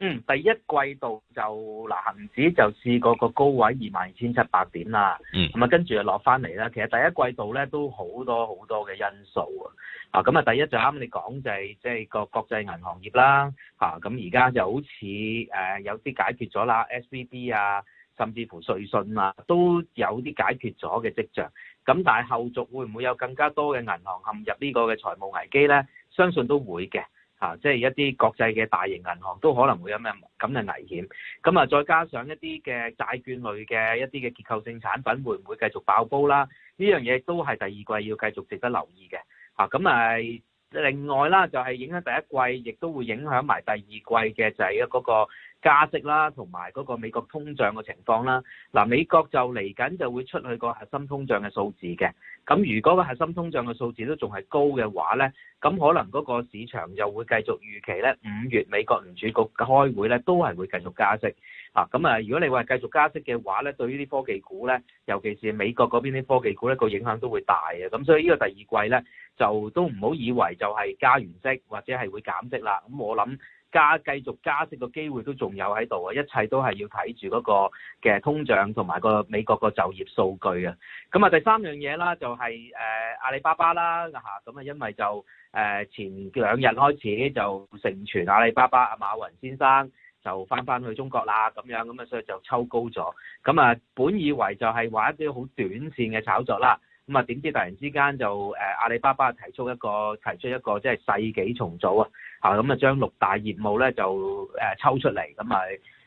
嗯，第一季度就嗱，恒指就試過個高位二萬二千七百點啦。嗯，咁啊，跟住就落翻嚟啦。其實第一季度咧都好多好多嘅因素啊。啊，咁啊，第一就啱你講就係即係個國際銀行業啦。嚇、啊，咁而家就好似、呃、有啲解決咗啦，S V B 啊，甚至乎瑞信啊，都有啲解決咗嘅跡象。咁但係後續會唔會有更加多嘅銀行陷入呢個嘅財務危機咧？相信都會嘅。啊，即係一啲國際嘅大型銀行都可能會有咩咁嘅危險，咁啊再加上一啲嘅債券類嘅一啲嘅結構性產品會唔會繼續爆煲啦？啊，呢樣嘢都係第二季要繼續值得留意嘅。啊咁啊～另外啦，就係影響第一季，亦都會影響埋第二季嘅就係一嗰個加息啦，同埋嗰個美國通脹嘅情況啦。嗱，美國就嚟緊就會出去個核心通脹嘅數字嘅。咁如果個核心通脹嘅數字都仲係高嘅話咧，咁可能嗰個市場就會繼續預期咧，五月美國聯儲局開會咧都係會繼續加息。啊，咁、嗯、啊，如果你話繼續加息嘅話咧，對於啲科技股咧，尤其是美國嗰邊啲科技股咧，個影響都會大嘅。咁、嗯、所以呢個第二季咧，就都唔好以為就係加完息或者係會減息啦。咁、嗯、我諗加繼續加息嘅機會都仲有喺度啊！一切都係要睇住嗰個嘅通脹同埋個美國個就業數據啊。咁、嗯、啊、嗯，第三樣嘢啦，就係、是、誒、呃、阿里巴巴啦咁啊、嗯嗯，因為就誒、呃、前兩日開始就盛傳阿里巴巴阿馬雲先生。就翻翻去中國啦，咁樣咁啊，所以就抽高咗。咁啊，本以為就係話一啲好短線嘅炒作啦。咁啊，點知突然之間就誒阿里巴巴提出一個提出一個即係世紀重組啊。嚇，咁啊將六大業務咧就誒抽出嚟，咁咪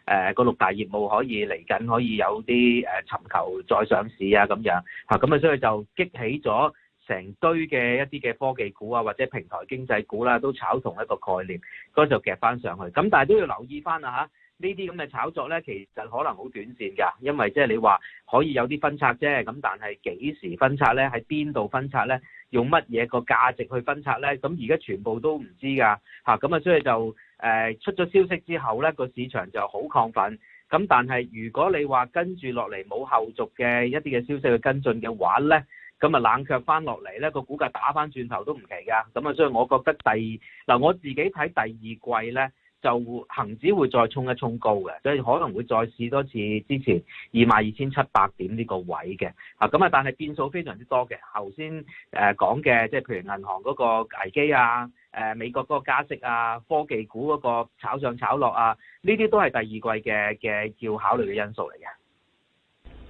誒個六大業務可以嚟緊，可以有啲誒尋求再上市啊咁樣。嚇，咁啊，所以就激起咗。成堆嘅一啲嘅科技股啊，或者平台經濟股啦，啊，都炒同一個概念，嗰陣就夾翻上去。咁但係都要留意翻啦吓，呢啲咁嘅炒作咧，其實可能好短線噶，因為即係你話可以有啲分拆啫，咁但係幾時分拆咧？喺邊度分拆咧？用乜嘢個價值去分拆咧？咁而家全部都唔知噶，吓，咁啊，所以就誒出咗消息之後咧，個市場就好亢奮，咁但係如果你話跟住落嚟冇後續嘅一啲嘅消息去跟進嘅話咧，咁啊，冷卻翻落嚟咧，個股價打翻轉頭都唔奇㗎。咁啊，所以我覺得第嗱我自己睇第二季咧，就恒指會再衝一衝高嘅，所以可能會再試多次之前二萬二千七百點呢個位嘅。咁啊，但係變數非常之多嘅。頭先誒講嘅，即係譬如銀行嗰個危機啊，美國嗰個加息啊，科技股嗰個炒上炒落啊，呢啲都係第二季嘅嘅要考慮嘅因素嚟嘅。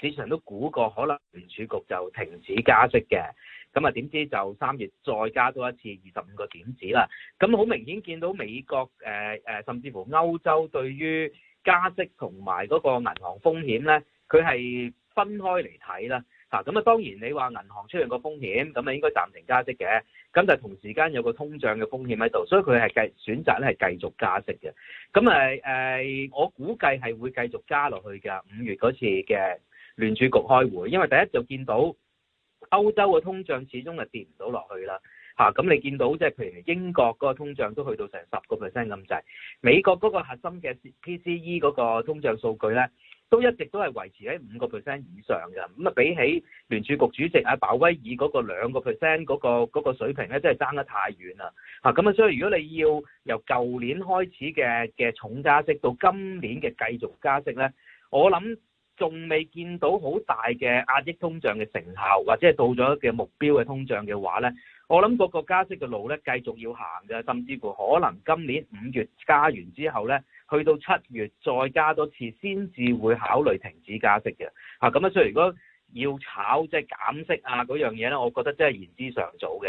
市場都估過可能聯儲局就停止加息嘅，咁啊點知就三月再加多一次二十五個點子啦。咁好明顯見到美國、呃、甚至乎歐洲對於加息同埋嗰個銀行風險咧，佢係分開嚟睇啦。嚇咁啊，當然你話銀行出現個風險，咁啊應該暫停加息嘅。咁就同時間有個通脹嘅風險喺度，所以佢係計選擇咧係繼續加息嘅。咁咪、呃、我估計係會繼續加落去㗎。五月嗰次嘅。聯儲局開會，因為第一就見到歐洲嘅通脹始終係跌唔到落去啦，嚇、啊、咁你見到即係譬如英國嗰個通脹都去到成十個 percent 咁滯，美國嗰個核心嘅 PCE 嗰個通脹數據咧，都一直都係維持喺五個 percent 以上嘅，咁啊比起聯儲局主席阿、啊、鮑威爾嗰個兩、嗰個 percent 嗰、嗰個水平咧，真係爭得太遠啦，嚇咁啊所以如果你要由舊年開始嘅嘅重加息到今年嘅繼續加息咧，我諗，仲未見到好大嘅壓抑通脹嘅成效，或者係到咗嘅目標嘅通脹嘅話呢，我諗個加息嘅路呢繼續要行嘅，甚至乎可能今年五月加完之後呢，去到七月再加多次先至會考慮停止加息嘅。啊，咁啊，所以如果要炒即係減息啊嗰樣嘢呢，我覺得真係言之尚早嘅。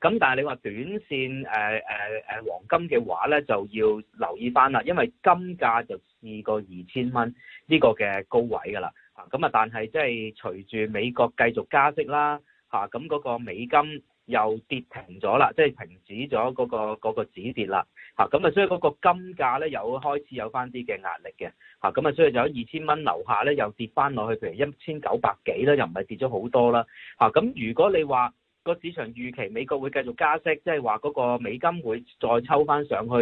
咁但係你話短線誒誒、呃呃、黃金嘅話咧，就要留意翻啦，因為金價就試過二千蚊呢個嘅高位㗎啦。咁啊，但係即係隨住美國繼續加息啦，咁、啊、嗰個美金又跌停咗啦，即、就、係、是、停止咗嗰、那個那個嗰個嗰個止跌啦。咁啊，所以嗰個金價咧又開始有翻啲嘅壓力嘅。咁啊，啊，所以就喺二千蚊樓下咧又跌翻落去，譬如一千九百幾啦，又唔係跌咗好多啦。咁、啊啊、如果你話，個市場預期美國會繼續加息，即係話嗰個美金會再抽翻上去，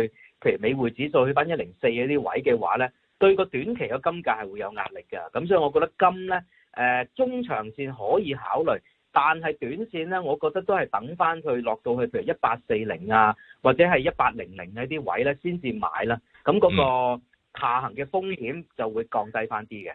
譬如美匯指數去翻一零四嗰啲位嘅話呢，對個短期嘅金價係會有壓力嘅。咁所以我覺得金呢，誒中長線可以考慮，但係短線呢，我覺得都係等翻佢落到去譬如一八四零啊，或者係一八零零呢啲位呢，先至買啦。咁嗰個下行嘅風險就會降低翻啲嘅。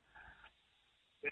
誒、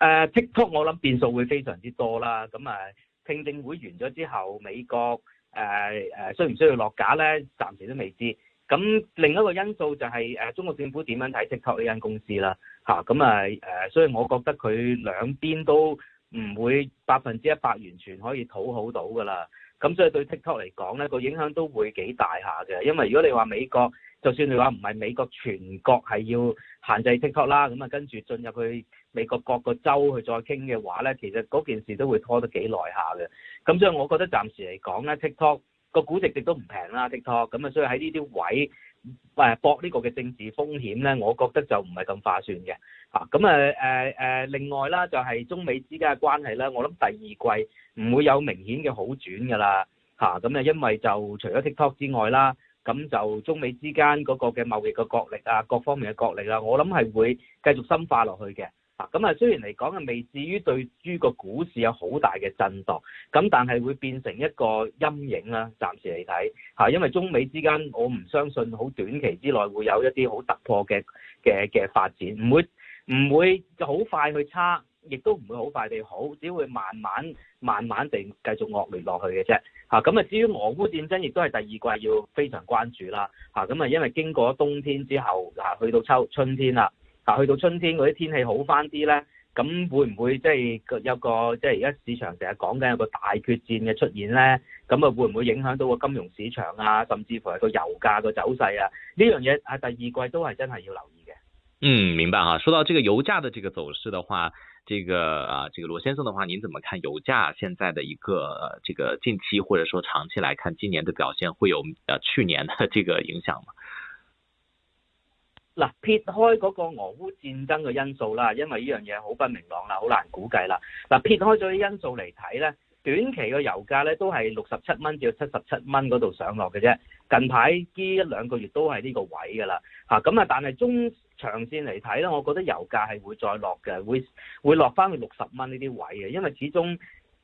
uh,，TikTok 我諗變數會非常之多啦，咁啊，聽證會完咗之後，美國誒誒，需唔需要落架咧？暫時都未知。咁另一個因素就係、是、誒、啊，中國政府點樣睇 TikTok 呢間公司啦？吓、啊，咁啊誒，所以我覺得佢兩邊都唔會百分之一百完全可以討好到噶啦。咁所以對 TikTok 嚟講咧，個影響都會幾大下嘅。因為如果你話美國，就算你話唔係美國全國係要限制 TikTok 啦，咁啊跟住進入去。美國各個州去再傾嘅話咧，其實嗰件事都會拖得幾耐下嘅。咁所以我覺得暫時嚟講咧，TikTok 個估值亦都唔平啦。TikTok 咁啊，所以喺呢啲位誒搏呢個嘅政治風險咧，我覺得就唔係咁划算嘅。啊，咁啊誒誒，另外啦，就係中美之間嘅關係咧，我諗第二季唔會有明顯嘅好轉㗎啦。嚇，咁啊，因為就除咗 TikTok 之外啦，咁就中美之間嗰個嘅貿易嘅角力啊，各方面嘅角力啦，我諗係會繼續深化落去嘅。嗱，咁啊，雖然嚟講啊，未至於對於個股市有好大嘅震盪，咁但係會變成一個陰影啦。暫時嚟睇嚇，因為中美之間，我唔相信好短期之內會有一啲好突破嘅嘅嘅發展，唔會唔會好快去差，亦都唔會好快地好，只會慢慢慢慢地繼續惡劣落去嘅啫。嚇，咁啊，至於俄烏戰爭，亦都係第二季要非常關注啦。嚇，咁啊，因為經過咗冬天之後，嗱，去到秋春天啦。嗱，去到春天嗰啲天氣好返啲呢，咁會唔會即係有個即係而家市場成日講緊有一個大決戰嘅出現呢？咁啊會唔會影響到個金融市場啊，甚至乎係個油價個走勢啊？呢樣嘢喺第二季都係真係要留意嘅。嗯，明白啊。説到這個油價的這個走勢的話，這個啊，這個羅先生的話，您怎麼看油價現在的一個、啊、這個近期，或者說長期來看，今年嘅表現會有啊去年的這個影響嗎？嗱，撇開嗰個俄烏戰爭嘅因素啦，因為呢樣嘢好不明朗啦，好難估計啦。嗱，撇開咗啲因素嚟睇咧，短期嘅油價咧都係六十七蚊至到七十七蚊嗰度上落嘅啫。近排呢一兩個月都係呢個位噶啦。嚇，咁啊，但係中長線嚟睇咧，我覺得油價係會再落嘅，會會落翻去六十蚊呢啲位嘅，因為始終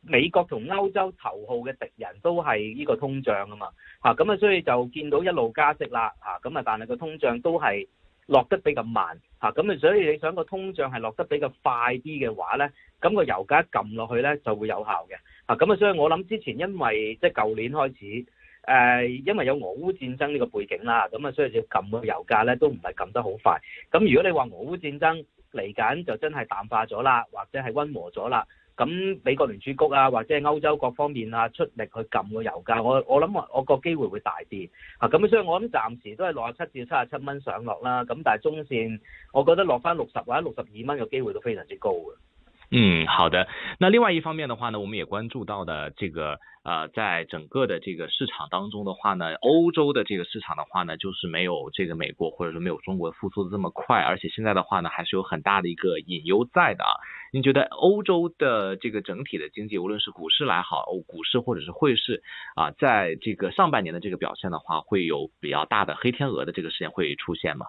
美國同歐洲頭號嘅敵人都係呢個通脹啊嘛。嚇，咁啊，所以就見到一路加息啦。嚇，咁啊，但係個通脹都係。落得比較慢，嚇，咁啊，所以你想個通脹係落得比較快啲嘅話咧，咁個油價一撳落去咧就會有效嘅。嚇，咁啊，所以我諗之前因為即係舊年開始，誒因為有俄烏戰爭呢個背景啦，咁啊，所以要撳個油價咧都唔係撳得好快，咁如果你話俄烏戰爭嚟緊就真係淡化咗啦，或者係溫和咗啦。咁美國聯儲局啊，或者係歐洲各方面啊，出力去撳個油價，我我諗我我個機會會大啲啊！咁所以，我諗暫時都係六十七至七十七蚊上落啦。咁但係中線，我覺得落返六十或者六十二蚊嘅機會都非常之高嘅。嗯，好的。那另外一方面的話呢，我們也關注到，這個呃，在整個的這個市場當中的話呢，歐洲的這個市場的話呢，就是沒有這個美國或者說沒有中國復甦的復甦這麼快，而且現在的話呢，還是有很大的一個隱憂在的啊。呃您覺得歐洲的這個整體的經濟，無論是股市來好，股市或者是匯市啊，在這個上半年的這個表現的話，會有比較大的黑天鵝的這個事件會出現嗎？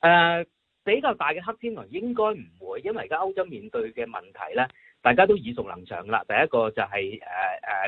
呃，比較大的黑天鵝應該唔會，因為而家歐洲面對的問題呢，大家都耳熟能詳啦。第一個就係誒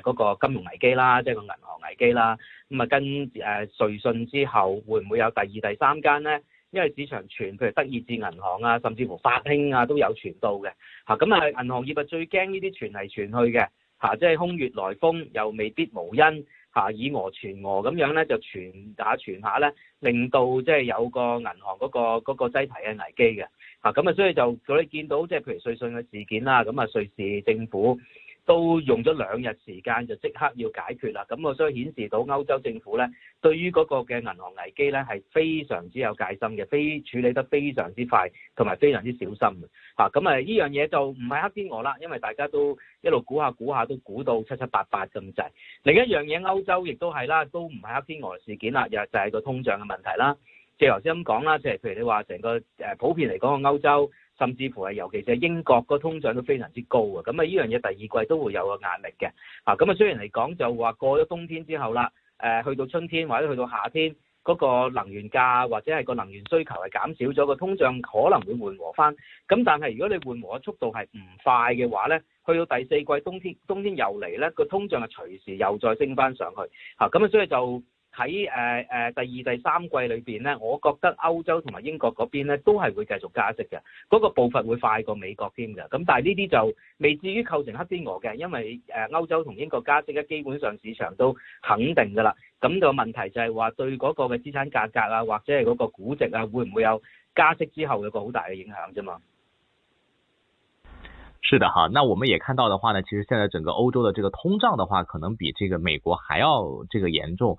誒個金融危機啦，即係個銀行危機啦。咁啊，跟、呃、誒瑞信之後，會唔會有第二、第三間呢？因為市場傳，譬如德意志銀行啊，甚至乎法興啊，都有傳到嘅嚇。咁啊，銀行業啊最驚呢啲傳嚟傳去嘅嚇，即、啊、係、就是、空穴來風，又未必無因嚇、啊，以訛傳訛咁樣咧，就傳打、啊、傳下咧，令到即係有個銀行嗰、那個嗰、那個、擠提嘅危機嘅嚇。咁啊，所以就我哋見到即係譬如瑞信嘅事件啦，咁啊，瑞士政府。都用咗兩日時間就即刻要解決啦，咁啊，所以顯示到歐洲政府咧對於嗰個嘅銀行危機咧係非常之有戒心嘅，非處理得非常之快同埋非常之小心嘅，咁啊，呢樣嘢就唔係黑天鵝啦，因為大家都一路估下估下都估到七七八八咁滯。另一樣嘢歐洲亦都係啦，都唔係黑天鵝事件啦，又就係、是、個通脹嘅問題啦，即係頭先咁講啦，即係譬如你話成個誒普遍嚟講個歐洲。甚至乎係，尤其是係英國個通脹都非常之高啊！咁啊，呢樣嘢第二季都會有個壓力嘅啊！咁啊，雖然嚟講就話過咗冬天之後啦，誒去到春天或者去到夏天，嗰個能源價或者係個能源需求係減少咗，個通脹可能會緩和翻。咁但係如果你緩和嘅速度係唔快嘅話咧，去到第四季冬天冬天又嚟咧，個通脹係隨時又再升翻上去啊！咁啊，所以就。喺誒誒第二，第，二第三季裏邊呢，我覺得歐洲同埋英國嗰邊咧都係會繼續加息嘅，嗰、那個步伐會快過美國添嘅。咁但係呢啲就未至於構成黑天鵝嘅，因為誒歐洲同英國加息咧，基本上市場都肯定㗎啦。咁、那、就、個、問題就係話對嗰個嘅資產價格啊，或者係嗰個估值啊，會唔會有加息之後有個好大嘅影響啫嘛？是的哈，那我們也看到的話呢，其實現在整個歐洲的這個通脹的話，可能比這個美國還要這個嚴重。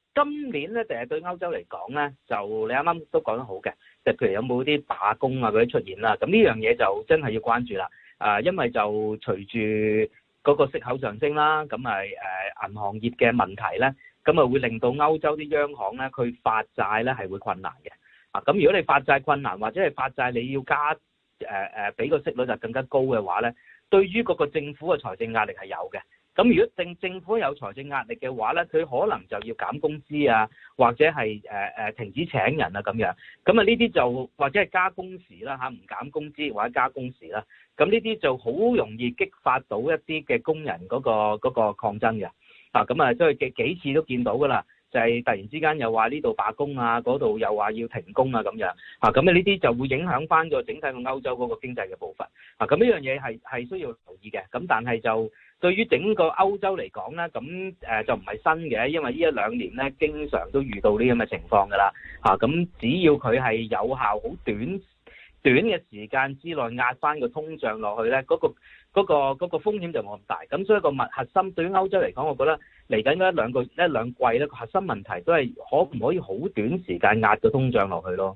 今年咧，就係對歐洲嚟講咧，就你啱啱都講得好嘅，就譬如有冇啲罷工啊嗰啲出現啦，咁呢樣嘢就真係要關注啦。誒，因為就隨住嗰個息口上升啦，咁係誒銀行業嘅問題咧，咁啊會令到歐洲啲央行咧，佢發債咧係會困難嘅。啊，咁如果你發債困難，或者係發債你要加誒誒俾個息率就更加高嘅話咧，對於嗰個政府嘅財政壓力係有嘅。咁如果政政府有財政壓力嘅話咧，佢可能就要減工資啊，或者係誒誒停止請人啊咁樣。咁啊呢啲就或者係加工時啦嚇，唔減工資，或者加工時啦。咁呢啲就好容易激發到一啲嘅工人嗰個嗰個抗爭嘅。咁啊都係幾次都見到㗎啦。就係突然之間又話呢度罷工啊，嗰度又話要停工啊咁樣，啊咁呢啲就會影響翻個整體個歐洲嗰個經濟嘅步伐。啊咁呢樣嘢係係需要留意嘅。咁但係就對於整個歐洲嚟講咧，咁誒就唔係新嘅，因為呢一兩年咧經常都遇到呢咁嘅情況㗎啦。啊咁，只要佢係有效好短短嘅時間之內壓翻個通脹落去咧，嗰個嗰個嗰個風險就冇咁大。咁所以個核核心對於歐洲嚟講，我覺得。嚟緊嗰一兩個一兩季咧，個核心問題都係可唔可以好短時間壓到通脹落去囉。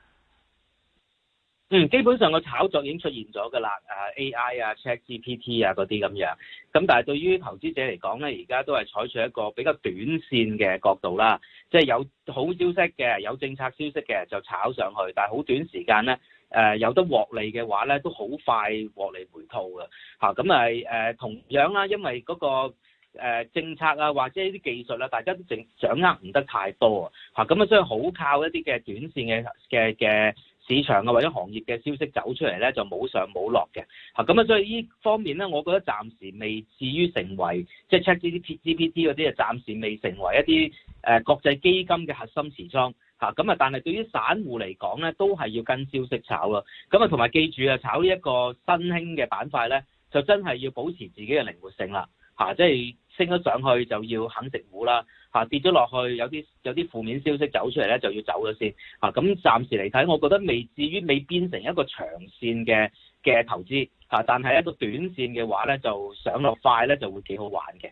嗯，基本上個炒作已經出現咗㗎啦，A I 啊 Chat G P T 啊嗰啲咁樣，咁但係對於投資者嚟講咧，而家都係採取一個比較短線嘅角度啦，即係有好消息嘅，有政策消息嘅就炒上去，但係好短時間咧，誒有得獲利嘅話咧，都好快獲利回套嘅吓，咁係同樣啦，因為嗰個誒政策啊或者呢啲技術啊，大家都淨掌握唔得太多吓，咁啊所以好靠一啲嘅短線嘅嘅嘅。市場嘅或者行業嘅消息走出嚟咧，就冇上冇落嘅。嚇咁啊，所以呢方面咧，我覺得暫時未至於成為，即係 ChatGPT 嗰啲啊，暫時未成為一啲呃國際基金嘅核心持倉。嚇咁啊，但係對於散戶嚟講咧，都係要跟消息炒咯。咁啊，同埋記住啊，炒呢一個新興嘅板塊咧，就真係要保持自己嘅靈活性啦。嚇啊，即係。升咗上去就要肯食糊啦，吓，跌咗落去有啲有啲負面消息走出嚟，咧就要走咗先，咁、啊、暫時嚟睇，我覺得未至於未變成一個長線嘅嘅投資，啊、但係一個短線嘅話咧就上落快咧就會幾好玩嘅。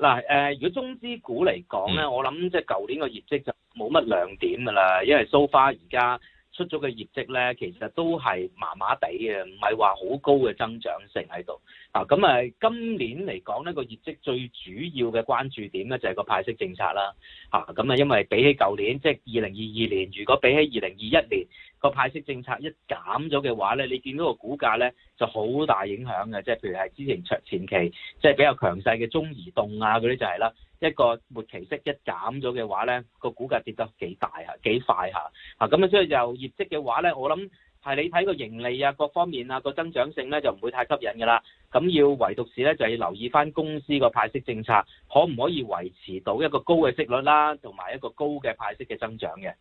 嗱，誒，如果中資股嚟講咧，我諗即係舊年嘅業績就冇乜亮點㗎啦，因為 so far 而家，出咗嘅業績咧，其實都係麻麻地嘅，唔係話好高嘅增長性喺度。啊，咁、嗯、啊，今年嚟講咧，呢個業績最主要嘅關注點咧就係、是、個派息政策啦。咁啊、嗯，因為比起舊年，即係二零二二年，如果比起二零二一年，個派息政策一減咗嘅話咧，你見到個股價咧就好大影響嘅，即係譬如係之前前期即係比較強勢嘅中移動啊嗰啲就係啦。一個末期息一減咗嘅話咧，個股價跌得幾大嚇，幾快嚇咁啊，所以就業績嘅話咧，我諗係你睇個盈利啊，各方面啊，個增長性咧就唔會太吸引㗎啦。咁要唯獨是咧，就要留意翻公司個派息政策，可唔可以維持到一個高嘅息率啦、啊，同埋一個高嘅派息嘅增長嘅。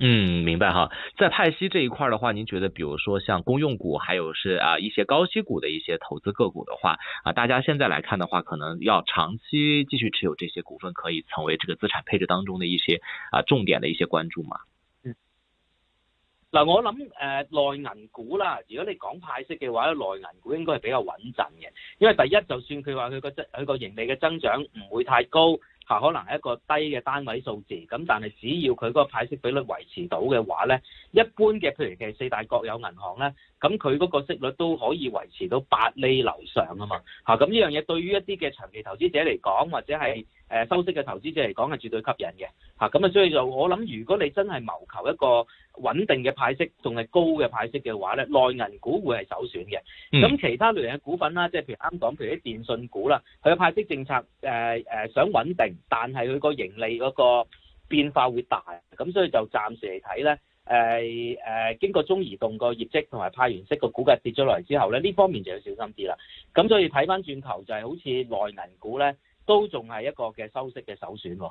嗯，明白哈。在派息這一塊的話，您覺得比如說像公用股，還有是啊一些高息股的一些投資個股的話，啊大家現在來看的話，可能要長期繼續持有這些股份，可以成為這個資產配置當中的一些啊重點的一些關注嗎？嗯，嗱，我諗誒，內銀股啦，如果你講派息嘅話，內銀股應該係比較穩陣嘅，因為第一就算佢話佢個佢個盈利嘅增長唔會太高。可能係一個低嘅單位數字，咁但係只要佢嗰個派息比率維持到嘅話呢，一般嘅譬如嘅四大國有銀行呢，咁佢嗰個息率都可以維持到八厘樓上啊嘛，嚇，咁呢樣嘢對於一啲嘅長期投資者嚟講，或者係。誒收息嘅投資者嚟講係絕對吸引嘅嚇，咁啊，所以就我諗，如果你真係謀求一個穩定嘅派息，仲係高嘅派息嘅話咧，內銀股會係首選嘅。咁、嗯、其他類型嘅股份啦，即係譬如啱講，譬如啲電信股啦，佢嘅派息政策誒誒、呃呃、想穩定，但係佢個盈利嗰個變化會大，咁所以就暫時嚟睇咧，誒、呃、誒、呃、經過中移動個業績同埋派完息個股價跌咗落嚟之後咧，呢方面就要小心啲啦。咁所以睇返轉頭就係、是、好似內銀股咧。都仲係一個嘅收息嘅首選喎。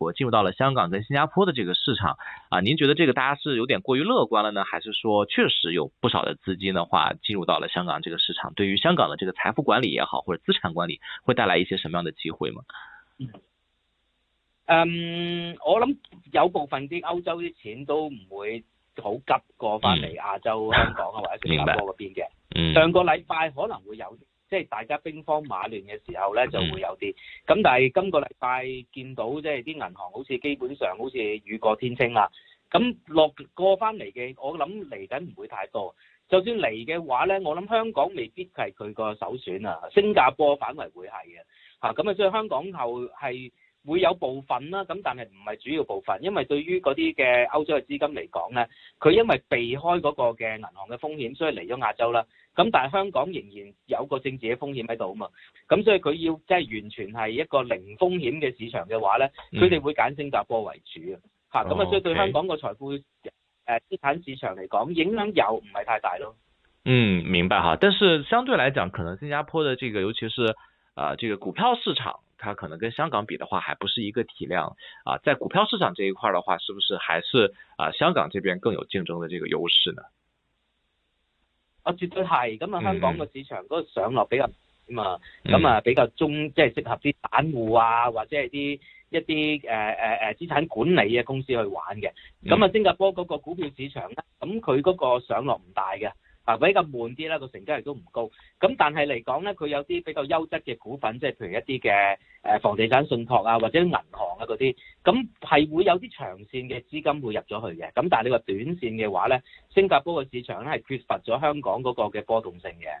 我進入到了香港跟新加坡的這個市場啊，您覺得這個大家是有點過於樂觀了呢，還是說確實有不少的資金的話進入到了香港這個市場，對於香港的這個財富管理也好，或者資產管理會帶來一些什麼樣的機會嗎？嗯，我諗有部分啲歐洲啲錢都唔會好急過翻嚟亞洲、嗯、香港啊或者新加坡嗰邊嘅，嗯、上個禮拜可能會有。即係大家兵荒馬亂嘅時候咧，就會有啲咁。但係今個禮拜見到，即係啲銀行好似基本上好似雨過天晴啦。咁落過翻嚟嘅，我諗嚟緊唔會太多。就算嚟嘅話咧，我諗香港未必係佢個首選啊。新加坡反為會係嘅嚇。咁啊，所以香港後係。會有部分啦，咁但係唔係主要部分，因為對於嗰啲嘅歐洲嘅資金嚟講咧，佢因為避開嗰個嘅銀行嘅風險，所以嚟咗亞洲啦。咁但係香港仍然有個政治嘅風險喺度啊嘛，咁所以佢要即係完全係一個零風險嘅市場嘅話咧，佢哋會揀新加坡為主、嗯、啊。嚇，咁啊，所以對香港個財富誒資產市場嚟講，影響又唔係太大咯。嗯，明白嚇。但係相對嚟講，可能新加坡嘅，這個，尤其是啊、呃，這個股票市場。它可能跟香港比的話，還不是一個體量啊。在股票市場這一塊的話，是不是還是啊香港這邊更有競爭的這個優勢呢？啊，絕對係咁啊！香港嘅市場個上落比較嘛，咁、嗯、啊，咁啊比較中即係、就是、適合啲散戶啊，或者係啲一啲誒誒誒資產管理嘅公司去玩嘅。咁啊，新加坡嗰個股票市場咧，咁佢嗰個上落唔大嘅。比較悶啲啦，個成交亦都唔高。咁但係嚟講咧，佢有啲比較優質嘅股份，即係譬如一啲嘅誒房地產信託啊，或者銀行啊嗰啲，咁係會有啲長線嘅資金會入咗去嘅。咁但係你話短線嘅話咧，新加坡嘅市場咧係缺乏咗香港嗰個嘅波動性嘅。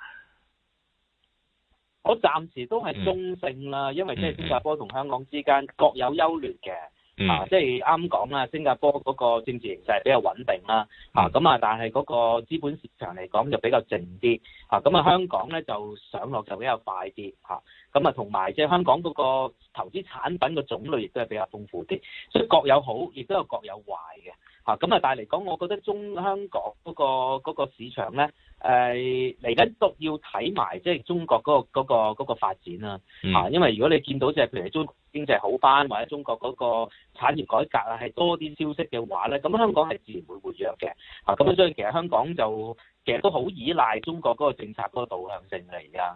我暫時都係中性啦，因為即係新加坡同香港之間各有優劣嘅，嗯、啊，即係啱講啦，新加坡嗰個政治形勢比較穩定啦，咁啊，但係嗰個資本市場嚟講就比較靜啲，咁啊，香港咧就上落就比較快啲，咁啊，同埋即係香港嗰個投資產品嘅種類亦都係比較豐富啲，所以各有好，亦都有各有壞嘅。嚇咁啊，但係嚟講，我覺得中香港嗰個嗰個市場咧，誒嚟緊都要睇埋即係中國嗰個嗰個嗰個發展啦。嚇、嗯，因為如果你見到即係譬如中國經濟好翻，或者中國嗰個產業改革啊，係多啲消息嘅話咧，咁香港係自然會活躍嘅。咁、嗯、所以其實香港就其實都好依賴中國嗰個政策嗰個導向性嚟㗎。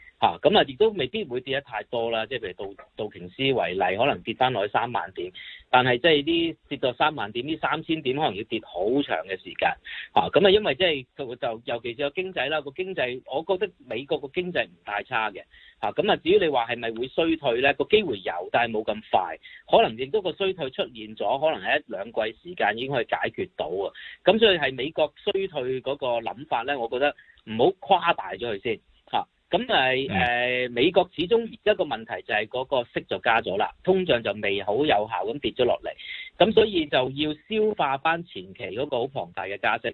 嚇咁啊，亦都未必會跌得太多啦。即係譬如道道瓊斯為例，可能跌翻落去三萬點，但係即係啲跌到三萬點，呢三千點可能要跌好長嘅時間。嚇咁啊，因為即係就就尤其是個經濟啦，個經濟，我覺得美國個經濟唔太差嘅。嚇咁啊，至於你話係咪會衰退咧，個機會有，但係冇咁快。可能亦都個衰退出現咗，可能係一兩季時間已經可以解決到啊。咁所以係美國衰退嗰個諗法咧，我覺得唔好誇大咗佢先。咁咪、呃嗯、美國始終而家個問題就係嗰個息就加咗啦，通脹就未好有效咁跌咗落嚟，咁所以就要消化返前期嗰個好龐大嘅加息。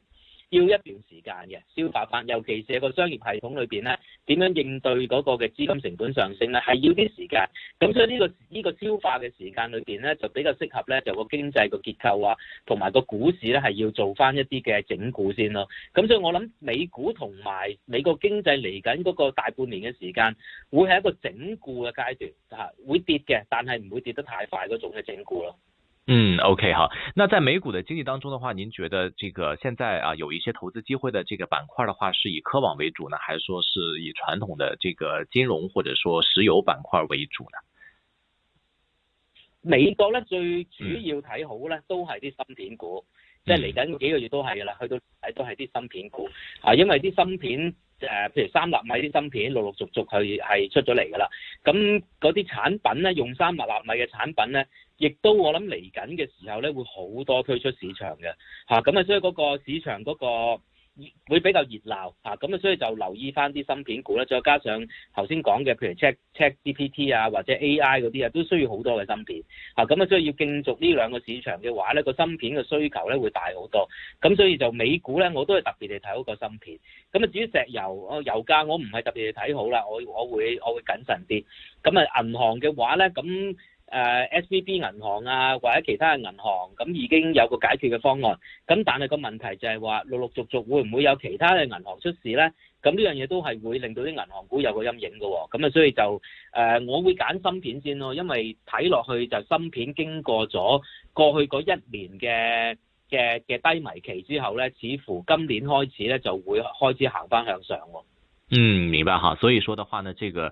要一段時間嘅消化翻，尤其是個商業系統裏面咧，點樣應對嗰個嘅資金成本上升咧，係要啲時間。咁所以呢個呢個消化嘅時間裏面咧，就比較適合咧，就個經濟個結構啊，同埋個股市咧，係要做翻一啲嘅整固先咯。咁所以我諗美股同埋美國經濟嚟緊嗰個大半年嘅時間，會係一個整固嘅階段嚇，會跌嘅，但係唔會跌得太快嗰種嘅整固咯。嗯，OK，好。那在美股的經濟當中的話，您覺得這個現在啊有一些投資機會的這個板塊的話，是以科網為主呢，還是說是以傳統的這個金融或者說石油板塊為主呢？美國咧最主要睇好咧，都係啲芯片股，嗯、即係嚟緊幾個月都係噶啦，去到睇都係啲芯片股啊，因為啲芯片誒、呃，譬如三納米啲芯片陸陸陸陸陸，陸陸續續佢係出咗嚟噶啦，咁嗰啲產品咧，用三納米嘅產品咧。亦都我諗嚟緊嘅時候咧，會好多推出市場嘅，吓咁啊，所以嗰個市場嗰個會比較熱鬧，吓咁啊，所以就留意翻啲芯片股咧，再加上頭先講嘅，譬如 check check D P T 啊，或者 A I 嗰啲啊，都需要好多嘅芯片，咁啊，所以要競逐呢兩個市場嘅話咧，個芯片嘅需求咧會大好多，咁所以就美股咧，我都係特別地睇好個芯片，咁啊至於石油，哦油價我唔係特別地睇好啦，我我會我會謹慎啲，咁啊銀行嘅話咧咁。誒 SVB、呃、銀行啊，或者其他嘅銀行，咁、嗯、已經有個解決嘅方案。咁但係個問題就係話，陸陸續續會唔會有其他嘅銀行出事呢？咁呢樣嘢都係會令到啲銀行股有個陰影嘅喎、哦。咁、嗯、啊，所以就誒、呃，我會揀芯片先咯，因為睇落去就芯片經過咗過去嗰一年嘅嘅嘅低迷期之後呢，似乎今年開始呢就會開始行返向上喎。嗯，明白哈。所以說的話呢，這個。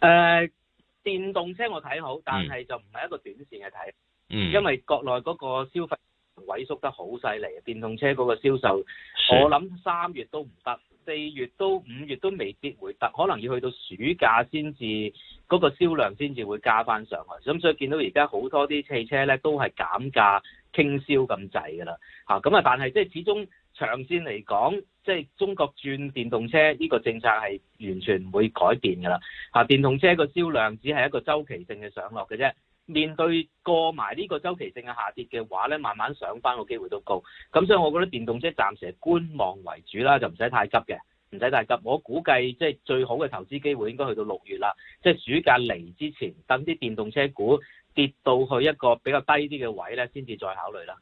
誒、uh, mm.，電動車我睇好，但係就唔係一個短線嘅睇，嗯，因為國內嗰個消費萎縮得好犀利，電動車嗰個銷售，是我諗三月都唔得，四月都五月都未必回得未必會得，可能要去到暑假先至嗰個銷量先至會加翻上去，咁所以見到而家好多啲汽車咧都係減價傾銷咁滯噶啦，吓咁啊，但係即係始終長線嚟講。即係中國轉電動車呢個政策係完全唔會改變㗎啦。啊，電動車個銷量只係一個周期性嘅上落嘅啫。面對過埋呢個周期性嘅下跌嘅話咧，慢慢上翻個機會都高。咁所以我覺得電動車暫時係觀望為主啦，就唔使太急嘅，唔使太急。我估計即係最好嘅投資機會應該去到六月啦，即係暑假嚟之前，等啲電動車股跌到去一個比較低啲嘅位咧，先至再考慮啦。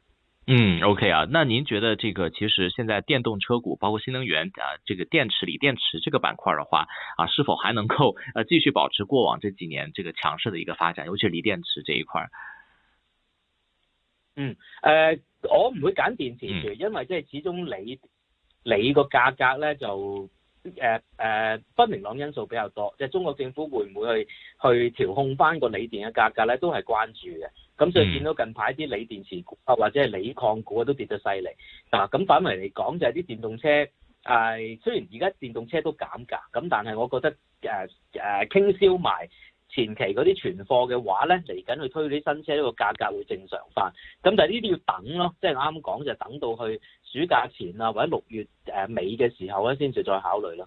嗯，OK 啊，那您覺得這個其實現在電動車股包括新能源啊，這個電池鋰電池這個板塊的話啊，是否還能夠呃、啊、繼續保持過往這幾年這個強勢的一個發展，尤其是鋰電池這一塊？嗯，誒、呃，我唔會揀電池，因為即係始終鋰鋰個價格咧就誒誒不明朗因素比較多，即係中國政府會唔會去去調控翻個鋰電嘅價格咧，都係關注嘅。咁、嗯、所以見到近排啲鋰電池股啊，或者係鋰礦股都跌得犀利嗱。咁、啊、反為嚟講，就係啲電動車係雖然而家電動車都減價，咁但係我覺得誒誒、啊啊、傾銷埋前期嗰啲存貨嘅話咧，嚟緊去推啲新車，呢個價格會正常翻。咁但係呢啲要等咯，即係我啱啱講，就等到去暑假前啊，或者六月尾嘅時候咧，先至再考慮咯。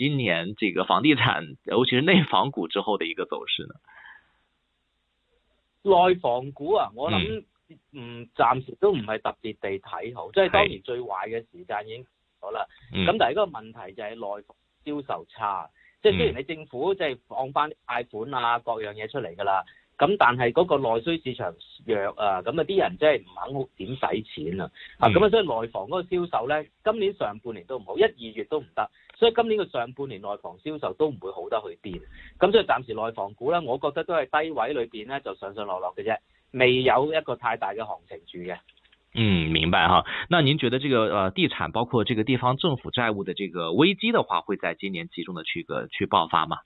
今年這個房地產，尤其是內房股之後的一個走勢呢？內房股啊，我諗唔暫時都唔係特別地睇好，即係是當然最壞嘅時間已經過咗啦。咁、嗯、但係嗰個問題就係內房銷售差，即係、嗯、雖然你政府即係放翻啲貸款啊各樣嘢出嚟㗎啦，咁、嗯、但係嗰個內需市場弱啊，咁啊啲人真係唔肯點使錢啊，嗯、啊咁啊所以內房嗰個銷售呢，今年上半年都唔好，一二月都唔得。所以今年嘅上半年內房銷售都唔會好得去邊，咁所以暫時內房股咧，我覺得都係低位裏邊咧就上上落落嘅啫，未有一個太大嘅行情住嘅。嗯，明白哈。那您覺得這個呃地產包括這個地方政府債務的這個危機的話，會在今年集中嘅去、去爆發嗎？誒、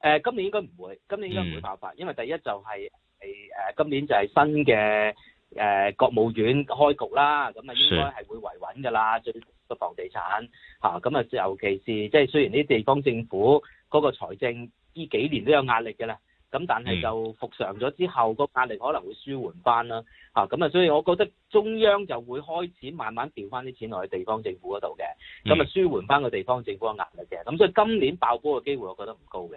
呃，今年應該唔會，今年應該唔會爆發，嗯、因為第一就係係誒今年就係新嘅誒、呃、國務院開局啦，咁啊應該係會維穩噶啦，最個房地產吓，咁啊，尤其是即係雖然啲地方政府嗰個財政呢幾年都有壓力嘅啦，咁但係就復常咗之後，個壓力可能會舒緩翻啦，吓咁啊，所以我覺得中央就會開始慢慢調翻啲錢落去地方政府嗰度嘅，咁啊舒緩翻個地方政府嘅壓力嘅。咁所以今年爆煲嘅機會，我覺得唔高嘅。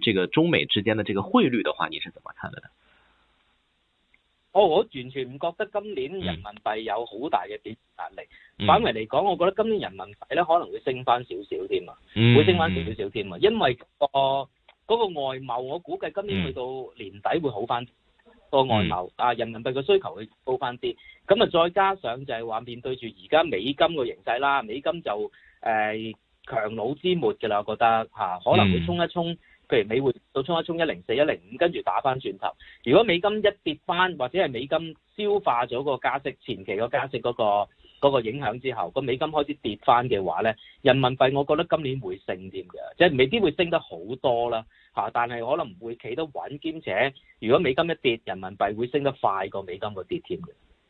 這個中美之間的這個匯率的話，你是怎麼看的呢？我、哦、我完全唔覺得今年人民幣有好大嘅貶值壓力。嗯、反為嚟講，我覺得今年人民幣咧可能會升翻少少添啊，嗯、會升翻少少添啊。因為個、呃那個外貿，我估計今年去到年底會好翻個、嗯、外貿啊，人民幣嘅需求會高翻啲。咁啊，再加上就係話面對住而家美金嘅形勢啦，美金就誒、呃、強弩之末嘅啦，我覺得吓、啊、可能會衝一衝。嗯譬如美匯到衝一衝一零四一零五，跟住打翻轉頭。如果美金一跌翻，或者係美金消化咗個加息前期個加息嗰個嗰個影響之後，個美金開始跌翻嘅話咧，人民幣我覺得今年會升添嘅，即係未必會升得好多啦嚇。但係可能唔會企得穩，兼且如果美金一跌，人民幣會升得快過美金嗰啲添嘅。